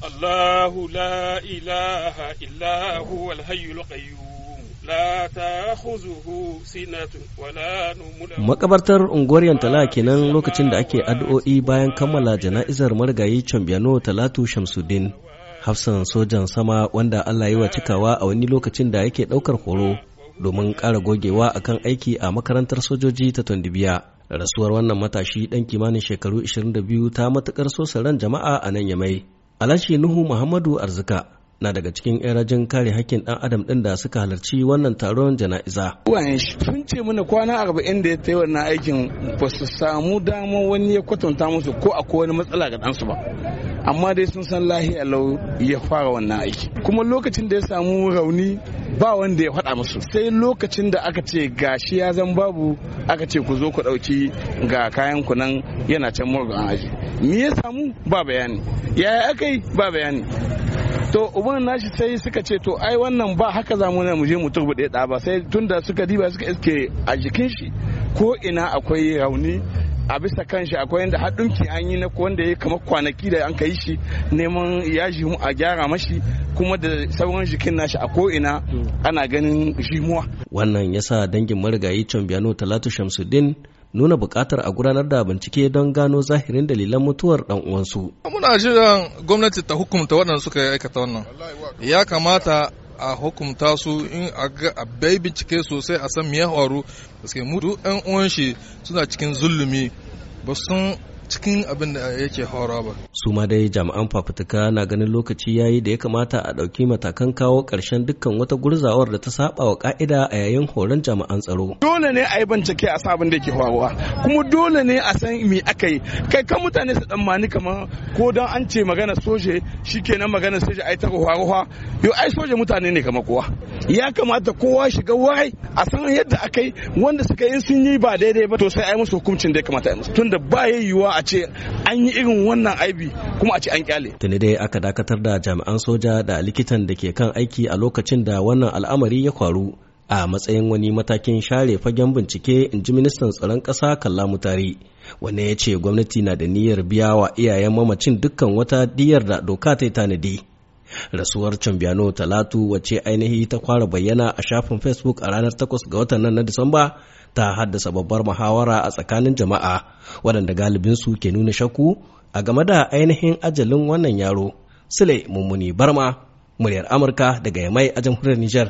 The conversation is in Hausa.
الله لا إله إلا هو الحي القيوم kenan lokacin da ake addu'o'i bayan kammala jana'izar marigayi تلاتو Talatu الدين Hafsan sojan sama wanda Allah yi wa cikawa a wani lokacin da yake ɗaukar horo domin ƙara gogewa a kan aiki a makarantar sojoji ta Tondibiya. Rasuwar wannan matashi ɗan kimanin shekaru 22 ta matuƙar sosa ran jama'a a nan Yamai. Alhaji Nuhu Muhammadu Arzika na daga cikin rajin kare hakkin ɗan adam ɗin da suka halarci wannan taron jana'iza. Uwayen sun ce mana kwana arba'in da ya ta yi wannan aikin ba su samu dama wani ya kwatanta musu ko akwai wani matsala ga ɗansu ba. Amma dai sun san lahiya lau ya fara wannan aiki. Kuma lokacin da ya samu rauni ba wanda ya faɗa musu sai lokacin da aka ce gashi ya zan babu aka ce ku zo ku ɗauki ga kayan ku nan yana can murga an aji me ya samu ba bayani yaya aka yi ba bayani to uban nashi sai suka ce to ai wannan ba haka za mu mu je mu turbuɗe ɗa ba sai tunda suka diba suka iske a jikin shi ko ina akwai rauni a bisa kan shi akwai yadda haɗunki an yi na wanda ya kama kwanaki da an yi shi neman yaji a gyara mashi kuma da sauran jikin nashi a ko'ina ana ganin jimuwa. Wannan ya sa dangin marigayi Cambiano Talatu Shamsuddin nuna buƙatar a gudanar da bincike don gano zahirin dalilan mutuwar ɗan uwansu. Muna jiran gwamnati ta hukumta waɗanda suka aikata wannan. Ya kamata a hukumta su in a bai bincike sosai a san me ya Suke mutu ɗan uwan suna cikin zulumi ba sun cikin abin da yake hawara ba. Su ma dai jami'an fafutuka na ganin lokaci yayi da ya kamata a ɗauki matakan kawo ƙarshen dukkan wata gurzawar da ta saba wa ka'ida a yayin horon jami'an tsaro. Dole ne a yi bincike a sabon da yake horowa kuma dole ne a san me aka yi kai kan mutane su dan mani kamar ko dan an ce magana soje shikenan magana soje ai ta horowa yo ai soje mutane ne kamar kowa. ya kamata kowa shiga wai a san yadda aka yi wanda suka yi sun yi ba daidai ba to sai ai musu hukuncin da ya kamata a musu tunda ba ya yiwuwa a ce an yi irin wannan aibi kuma a ce an kyale tuni dai aka dakatar da jami'an soja da likitan da ke kan aiki a lokacin da wannan al'amari ya kwaru a matsayin wani matakin share fagen bincike in ji ministan tsaron ƙasa kalla mutari wanda ya ce gwamnati na da niyyar biya wa iyayen mamacin dukkan wata diyar da doka ta yi tanadi rasuwar cambiano talatu wace ainihi ta kwara bayyana a shafin facebook a ranar 8 ga watan nan na disamba ta haddasa babbar muhawara a tsakanin jama'a waɗanda su ke nuna shakku a game da ainihin ajalin wannan yaro sule mummuni barma muryar amurka daga yamai a jamhuriyar nijar